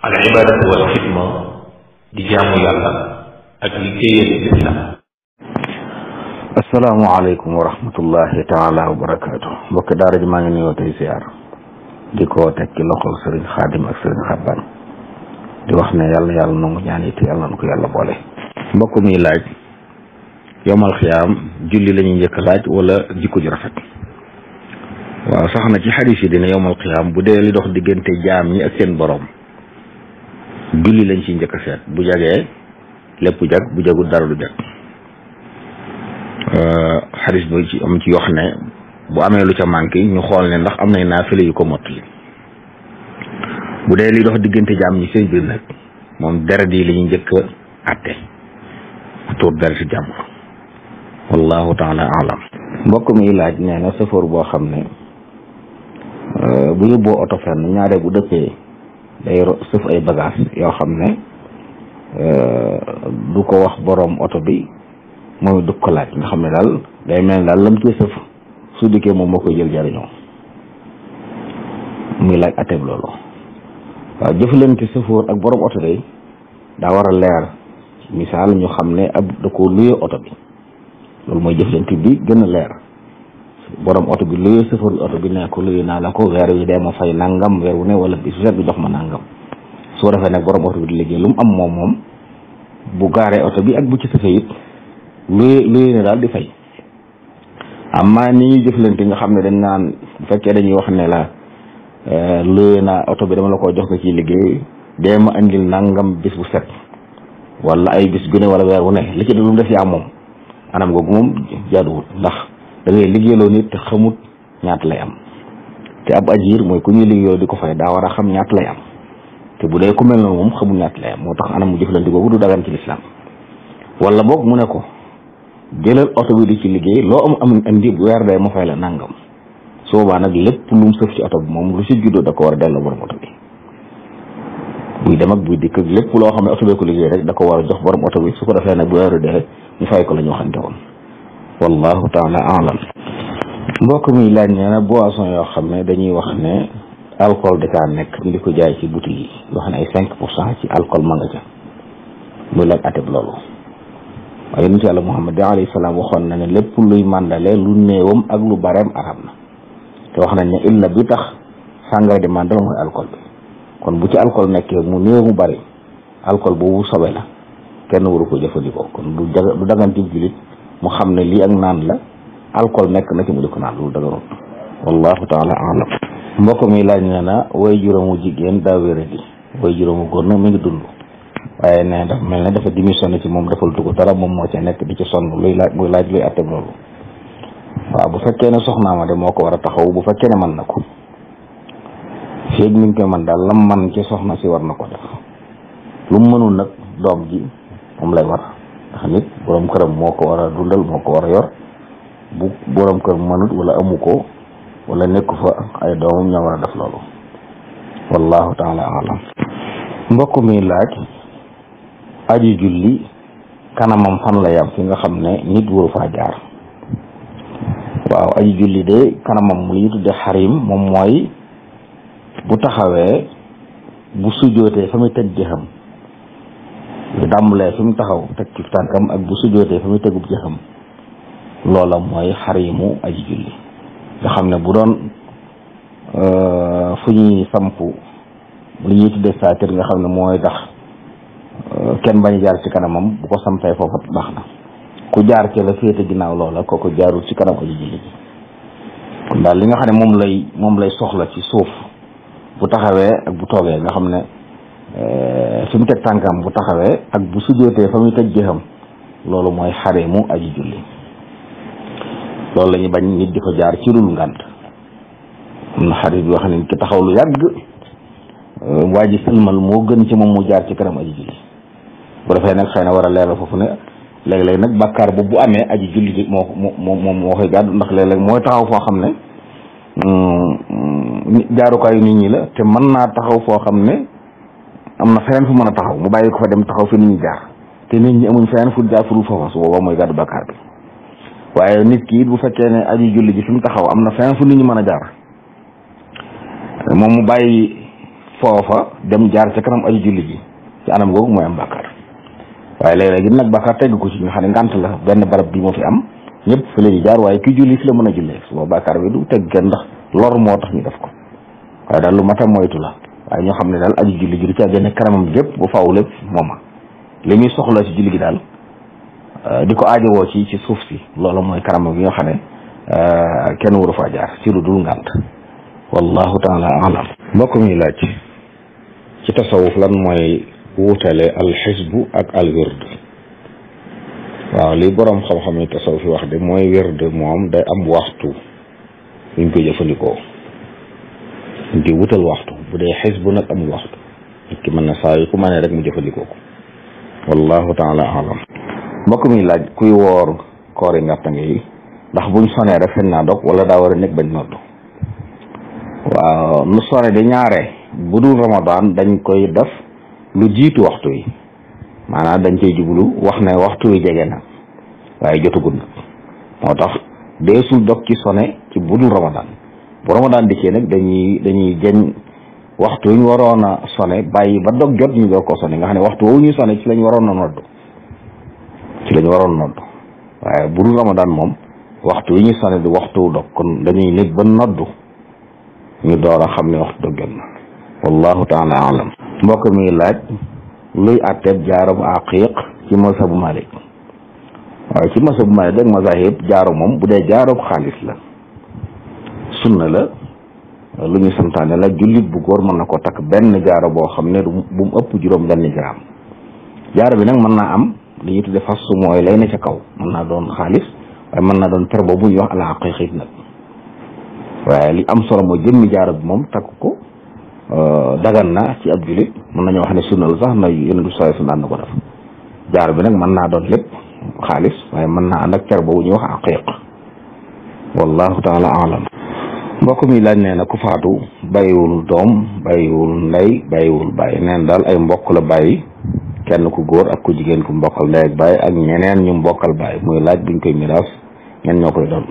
al ibadatu wal xidma di jaamu yàlla ak maa ngi nuyoo tey wax ne yàlla yàlla nangu ñaan yi te yàlla na ko yàlla boole mbokk mi laaj yomal xiyaam julli la ñuy njëkk laaj wala jikko ju rafet waaw sax na ci xadis yi dina yomal xiyaam bu dee li dox diggante jaam ñi ak seen boroom julli lañ ci njëkk a bu jagee lépp jag bu jagul dara du jag euh, xaris bi ci am ci yoo xam ne bu amee lu ca manqué ñu xool ne ndax am nay naafile yu ko mottali bu dee li dox diggante jàmm ñi seen biir nag moom deret yi la ñuy njëkk a àtte tuur deret si jàmm wallahu taala alam mbokk mi laaj nee na boo xam ne euh, bu yóbboo oto fenn ñaare bu dëppee day sëf ay bagage yoo xam ne euh, du ko wax boroom oto bi mooy du ko laaj nga xam ne daal day mel daal lam cee sëf su dikkee moom moo koy jël jariñoo muy laaj ateb loolu waaw jëflante sëfoor ak boroom oto day daa war a leer misaal ñu xam ne ab da ko luye oto bi loolu mooy jëflante bi gën a leer borom oto bi luye sëfaru oto bi ne ko luye naa la ko weer wi dee ma fay nangam weer ne wala bis set bi jox ma nangam su ko defee nag borom oto bi di liggéey lu am moom moom bu gaaree oto bi ak bu ci luye ne daal di fay amma ni ñuy jëflante nga xam ne dañ naan bu fekkee dañuy wax ne la eh, luye naa oto bi dama la ko jox nga ciy liggéey dee ma nangam bis bu set wala ay bis gu ne wala weer wu ne li ci dul def yaa moom anam googu moom jaaduwul ndax da ngay liggéeyloo nit te xamut ñaata am te ab ajir mooy ku ñuy liggéeyloo di ko fay daa war a xam ñaata lay am te bu dee ku mel noonu moom xamul ñaata lay am moo tax anam mu jëflante boobu du dagan ci lislaam wala boog mu ne ko jëlal oto bi di ci liggéey loo am am indi bu weer dee ma fay la nangam soo boobaa nag lépp lu mu sëf ci oto bi moom lu si juddoo da ko war a delloo borom oto bi buy dem ak buy dikk lépp loo xam ne oto bee ko liggéey rek da ko war jox borom oto bi su ko defee nag bu weer dee ko la ñu waxante woon wallahu taala alam mbokk mi laaj nee na yoo xam ne dañuy wax ne alcool da caa nekk ñu di ko jaay ci buti yi yoo ne ay cinq pour cent ci alcool ma nga ca lu laaj ateb loolu waaye yonent yàlla Muhammad di alayhi salaam waxoon na ne lépp luy màndale lu néewam ak lu bareem arab na te wax nañ ne illa bi tax sàngara di màndal mooy alcool bi kon bu ci alcool nekkee mu néew mu bari alcool boobu sobe la kenn waru ko jëfandikoo kon du dagan ci mu xam ne lii ak naan la alcool nekk na ci mu di ko naan loolu dëgërul wallahu taala alam mbokk mi laaj ne na way juróomu jigéen daa wéradi way juróomu góor nag mi ngi dund waaye ne dafa mel ne dafa démissionné ci moom defal tugu dara moom moo ci nekk di ci sonn luy laaj muy laaj luy atteb loolu waaw bu fekkee ne soxnaa ma de moo ko war a taxaw bu fekkee ne man na ko feeg mu ngi koy man daal lam man ci soxna si war na ko def lu mu mënul nag doom ji moom lay war nit boroom këram moo ko war a dundal moo ko war a yor bu borom kër mënut wala amu ko wala nekku fa ay doomam ñoo war a def loolu wallahu taala alam mbokk mi laaj aji julli kanamam fan la yam fi nga xam ne nit waru faa jaar waaw aji julli de kanamam mu li ñu xarim moom mooy bu taxawee bu sujootee fa muy teg jëxam bu tàmbalee fi mu taxaw teg ci tànkam ak bu sujjootee fi mu tegub jëxam loola mooy xarimu aji julli nga xam ne bu doon euh, fu ñuy samp li ñuy tuddee saatir nga xam ne mooy tax euh, kenn bañ jaar ci kanamam bu ko sampee foofu baax na ku jaar ci la féete ginnaaw loola kooku jaarul ci kanam aji julli ji kon daal li nga xam ne moom lay moom lay soxla ci suuf bu taxawee ak bu toogee nga xam ne fi euh, mu teg tànkam bu taxawee ak bu sujjootee fa muy teg jëxam loolu mooy xaree mu aji julli loolu la bañ nit di ko jaar ci lul ngànt am na xarit yoo xam ne ki taxaw lu yàgg euh, waa ji sëlmal moo gën ci moom mu jaar ci kanam aji julli bu defee nag xëy na war a leeral foofu ne léeg-léeg nag bàkkaar bu bu amee aji julli bi moo moo moo koy gàddu ndax léeg-léeg mooy taxaw foo xam ne euh, jaarukaayu nit ñi la te mën naa taxaw foo xam ne am na feneen fu mën a taxaw mu bàyyi ko fa dem taxaw fi nit ñi jaar te nit ñi amuñ feneen fu jaar furul foofa su booba mooy gàddu bakkaar bi waaye nit ki it bu fekkee ne aju julli ji fi mu taxaw am na feneen fu nit mën a jaar mu bàyyi foofa dem jaar ca kanam aju julli ji ci anam googu mooy am bakkaar waaye léeg-léeg it nag bakkaar tegg ko ci nga xam ne ngànt la benn barab bi moo fi am ñëpp fi la jaar waaye ki julli fi la mën a jullee su booba bi du tegg kenn ndax lor moo tax ñu def ko waaye daal lu mat moytu la waaye ñoo xam ne daal aju julli gi du caa génne kanamam gépp bu faaw lépp mooma li muy soxla si julli gi daal euh, di ko aajowoo ci ci suuf si loolu mooy kanamam bi nga xam ne euh, kenn waru faa jaar ci lu dul ngànt wallahu taala alam mbokk mi laaj ci tasawuf lan mooy wuutale alxisbu ak al wird waaw li boroom xam-xam yi tasawuf yi wax mooy wird moom day am waxtu buñ ko jëfandikoo di wutal waxtu bu dee xisbu nag amul waxtu ki mën na saa yu ku mane rek mu jëfandikoo ko wallahu taala alam mbokk mi laaj kuy woor koori ngartange yi ndax buñ sonee rek fen naa dog wala daa war a nekk bañ nodd waaw nu sone di ñaare bu dul ramadan dañ koy def lu jiitu waxtu yi maanaa dañ koy jublu wax ne waxtu yi jege na waaye jotugul nag moo tax deesul dog ci sone ci budul ramadan bu ramadan dikkee nag dañuy dañuy jëñ waxtu ñu waroon a sone bàyyi ba dog jot ñu doo ko sone nga xam ne waxtu woowu ñu sone ci lañ waroon a nodd ci lañ waroon a nodd waaye bu dul ramadan moom waxtu yi ñu sone du waxtu dog kon dañuy nit ba noddu ñu door a xam ne waxtu doggan na wallahu taala alam mbokk mi laaj luy àtteeb jaarum aqiq ci masabu malik waaye ci bu malik dag masahib jaaro moom bu dee jaarub xaalis la sunna la lu ñu santaane la jullit bu góor mën na ko takk benn jaaro boo xam ne bu mu ëpp juróom benn garaam jaaro bi nag mën naa am li ñuy tudde fas su mooy lay na ca kaw mën naa doon xaalis mën naa doon per boobu wax ala xaqiqit nag waaye li am solo mooy jëmmi jaaro bi moom takk ko euh, dagan na ci ab jullit mën nañoo wax ne sax na yonent bi sallallahu ko def jaaro bi nag mën naa doon lépp xaalis waaye mën naa ànd ak per boobu ñuy wax aqiq wallahu taala alam mbokk mi laaj nee na ku faatu bàyyiwul doom bàyyiwul ndey bàyyiwul bàyyi neen daal ay mbokk la bàyyi kenn ku góor ak ku jigéen ku mbokkal ndey ak bàyyi ak ñeneen ñu mbokkal bàyyi muy laaj buñ koy miraas ñen ñoo koy doon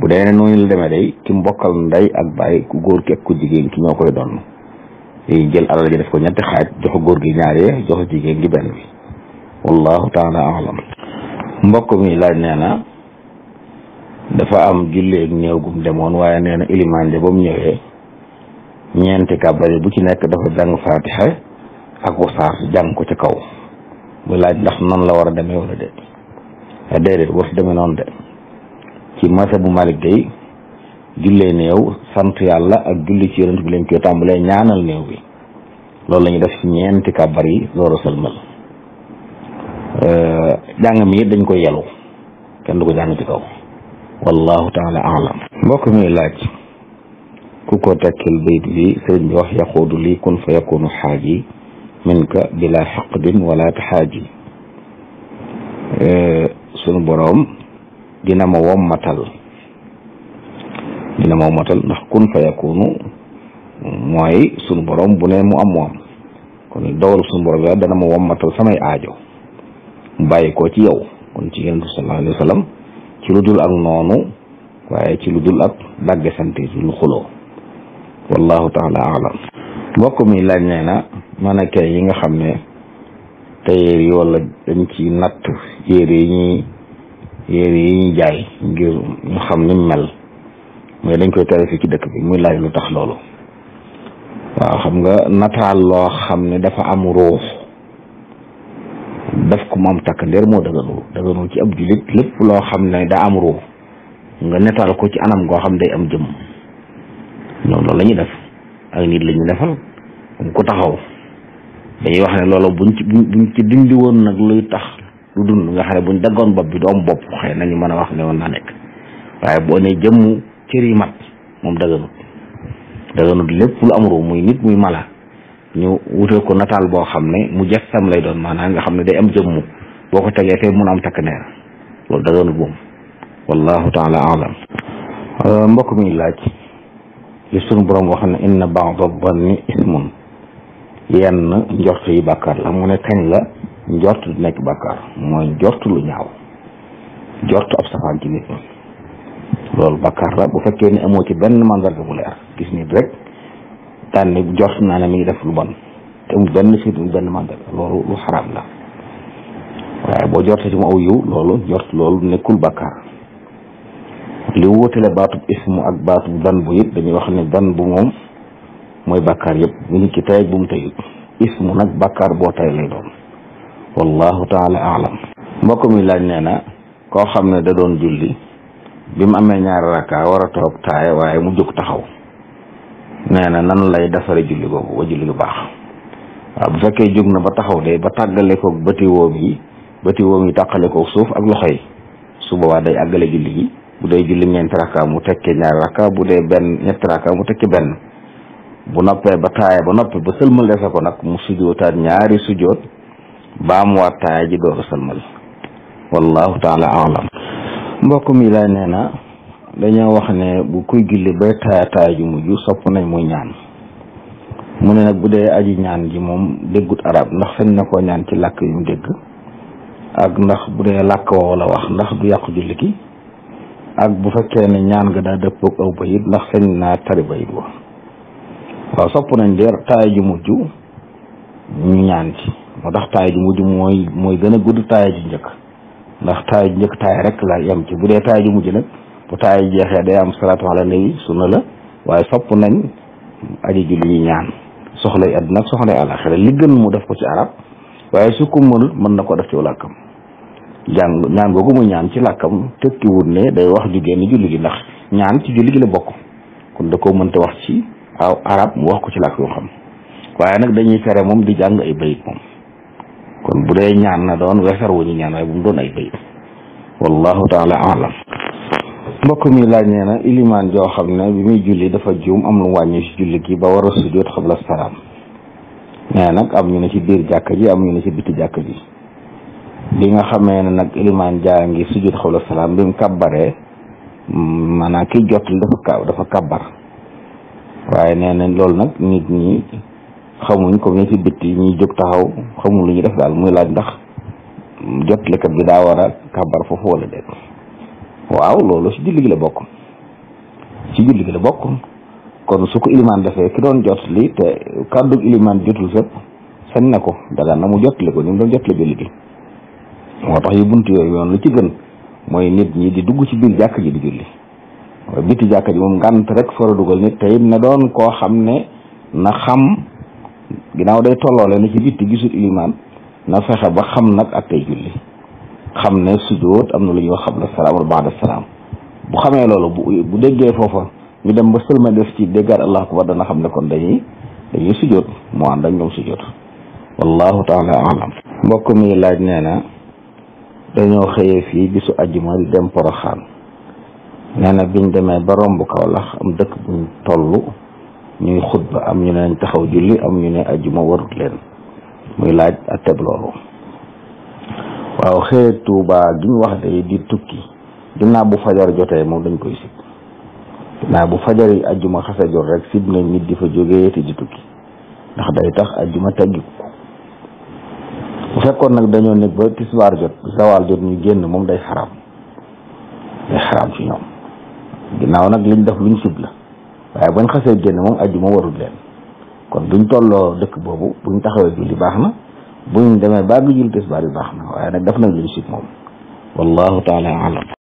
bu dee ne noonu la demee day ki mbokkal ndey ak bàyyi ku góor ki ak ku jigéen ki ñoo koy doon yi jël alal ji def ko ñetti xaaj jox góor gi ñaaree jox jigéen gi benn bi wallahu taala alam mbokk mi laaj nee na dafa am julleeg néew gum demoon waaye nee na ilimaan de ba mu ñëwee ñeenti kàbbale bu ci nekk dafa jàng faatixa ak wasaar jàng ko ci kaw mu laaj ndax nan la war a demee wala déet eh, déedéet warut demee noonu bu malik day jullee néew sant yàlla ak julli ci yonent bi lañ koy tàmbalee ñaanal néew bi loolu lañu ñu def ñeenti kàbbar yi door a sëlmal eh, jàng mi dañ koy yelu kenn du ko jàng ci kaw wallahu taala alam mbokk mi laaj ku ko tekkil bayt bi sëriñ bi wax yaquudu kun fa yakunu xaaji minka bila xaqdin wala taxaaji sunu boroom dina ma wommatal dina kun fa yakunu mooy sunu boroom bu ne mu am moom kon dogal sunu boroom ya dana ma wommatal samay aajo mu bàyyi ko ci yow kon ci yonent bi ci lu dul ak noonu waaye ci lu dul ak dàgge sante ci lu wallahu taala alam mbokk mi lañ nee na mannequin yi nga xam ne tailleur yi wala dañ ci natt yére yi ñuy yére jaay ngir ñu xam ni mel mooy dañ koy tarifé ci dëkk bi muy laaj lu tax loolu waaw xam nga nataal loo xam ne dafa am ruux daf ko moom takk ndeer moo daganul daganul ci ab jullit lépp loo xam ne daa am ruux nga netaal ko ci anam goo xam day am jëm loolu la def ak nit la ñuy defal ku taxaw dañuy wax ne loolu buñ ci buñ ci dindi woon nag luy tax lu dund nga xam ne buñ daggoon bopp bi doom am bopp xëy nañu mën a wax ne woon naa nekk waaye boo ne jëmm cër yi mat moom daganut daganut lépp lu am ruux muy nit muy mala ñu wutal ko nataal boo xam ne mu jëkkam lay doon maanaam nga xam ne day am jëmmu boo ko tegee tey mun am takk neer loolu da doon buum wallahu taala alam euh, mbokk mi laaj li sunu borom wax ne inna ba'da dhanni ismun yenn njort yi bàkkaar la mu ne kañ la njort du nekk bàkkaar mooy njort lu ñaaw njort ab safaan ci nit loolu bàkkaar la bu fekkee ne amoo ci benn mandarga bu leer gis nit rek daan ne naa ne mi ngi def lu bon te mu benn fit mu benn màngal loolu lu xaraam la waaye boo jorte ci mu aw yiw loolu jort loolu nekkul bàkkaar li wóotale baatub ismu ak baatub dan bu it dañuy wax ne dan bu moom mooy bàkkaar yëpp bu nit ki tayeg bu mu tayut ismu nag bàkkaar boo tay lay doon wallahu taala alam mbokk mi laaj nee na koo xam ne da doon julli bi mu amee ñaari rakka war a waaye mu jóg taxaw nee nan lay defaree julli googu ba julli lu baax waaw bu fekkee jóg na ba taxaw de ba tàggale ko bëti woom yi bëti woom yi tàqale ko suuf ak loxo yi su boobaa day àggale julli gi bu dee julli ñeenti rakka mu tekkee ñaari rakka bu dee benn ñetti rakka mu tekki benn bu noppee ba taaya ba noppi ba sëlmal defe ko nag mu sujootaat ñaari sujoot baa mu waat taaya ji door a sëlmal wallahu taala alam mbokk mi lay nee dañoo wax ne bu kuy julli bay taayataaju mujj sopp nañ mu ñaan mu ne nag bu dee aji ñaan ji moom déggut arab ndax sañ na koo ñaan ci làkk yu mu dégg ak ndax bu dee làkk woow la wax ndax du yàqu julli ki ak bu fekkee ne ñaan nga daa dëppoog aw bayit ndax sañ naa tari bayit wa waaw sopp nañ de taay ju mujj ñu ñaan ci moo tax taay ju mujj mooy gën a gudd taay ju njëkk ndax taay ju njëkk taay rek laa yem ci bu dee taay ju mujj nag bu taay jeexee day am salaatu ala nabi sunna la waaye sopp nañ aji julli yi ñaan soxlay àddina ak soxlay àlaxira li gën mu def ko ci arab waaye su ko mënul mën na ko def ci làkkam jàng ñaan googu ñaan ci làkkam tekkiwut ne day wax ju génn julli gi ndax ñaan ci gi la bokk kon da koo mënta wax ci aw arab mu wax ko ci làkk yoo xam waaye nag dañuy fere moom di jàng ay bayit moom kon bu dee ñaan na doon wesar wu ñu ñaan waaye bu mu doon ay bayit wallahu taala alam mbokk mi laaj nee na ilimaan joo xam ne bi muy julli dafa juum am lu wàññi ci julli gi ba war a sujjóot xabla nag am ñu ne ci biir jàkk ji am ci biti jàkk ji bi nga xamee ne nag ilimaan jaa ngi sujjóot xabla salaam bi mu kàbbaree maanaam ki jot dafa dafa kàbbar waaye nee na loolu nag nit ñi xamuñ comme ni ñuy lu ñu def daal muy laaj ndax jotlikat bi daa war a kàbbar foofu wala déet waaw loolu ci julli gi la bokk ci julli gi la bokk kon su ilimaan defee ki doon jot li te kàddu ilimaan jotul sëpp sañ na ko dagaan na mu jotli ko ni mu doon jotli julli moo tax yu bunt yooyu yoon lu ci gën mooy nit ñi di dugg ci biir jàkk ji di biti jàkk ji moom ngant rek sora dugal nit te na doon koo xam ne na xam ginnaaw de tolloole na ci bitti gisul ilimaan na fexe ba xam nag ak tey julli xam ne sujjóot am na lu ñuy wax xabla salaam wala baada salaam bu xamee loolu bu déggee foofa ñu dem ba sëlma def ci déggaat allahu akbar dana xam ne kon dañuy dañuy sujjóot moo ànd ak ñoom sujjóot wallahu taala alam mbokk mi laaj nee na dañoo xëyee fii bisu ajjuma di dem poroxaan nee na biñ demee ba romb Kawlax am dëkk buñ toll ñuy xutba am ñu ne taxaw julli am ñu ne ajjuma warut leen muy laaj ak teb loolu waaw xëy tuubaa gi ñu wax day di tukki ginnaaw bu fajar jotee moom dañ koy sib ginnaaw bu fajar yi ajjuma xasa jot rek sib nañ nit di fa jógee te di tukki ndax day tax ajjuma teggiku bu fekkoon nag dañoo nekk ba tisbaar jot zawaal jot ñu génn moom day xaraam day xaraam ci ñoom ginnaaw nag liñ def luñ sib la waaye bañ xasee génn moom ajjuma warul leen kon buñ tolloo dëkk boobu buñ taxawee julli baax na bu ñu demee ba gi jul tis bari baax na waaye nag daf na lu sib moom wallahu taala alam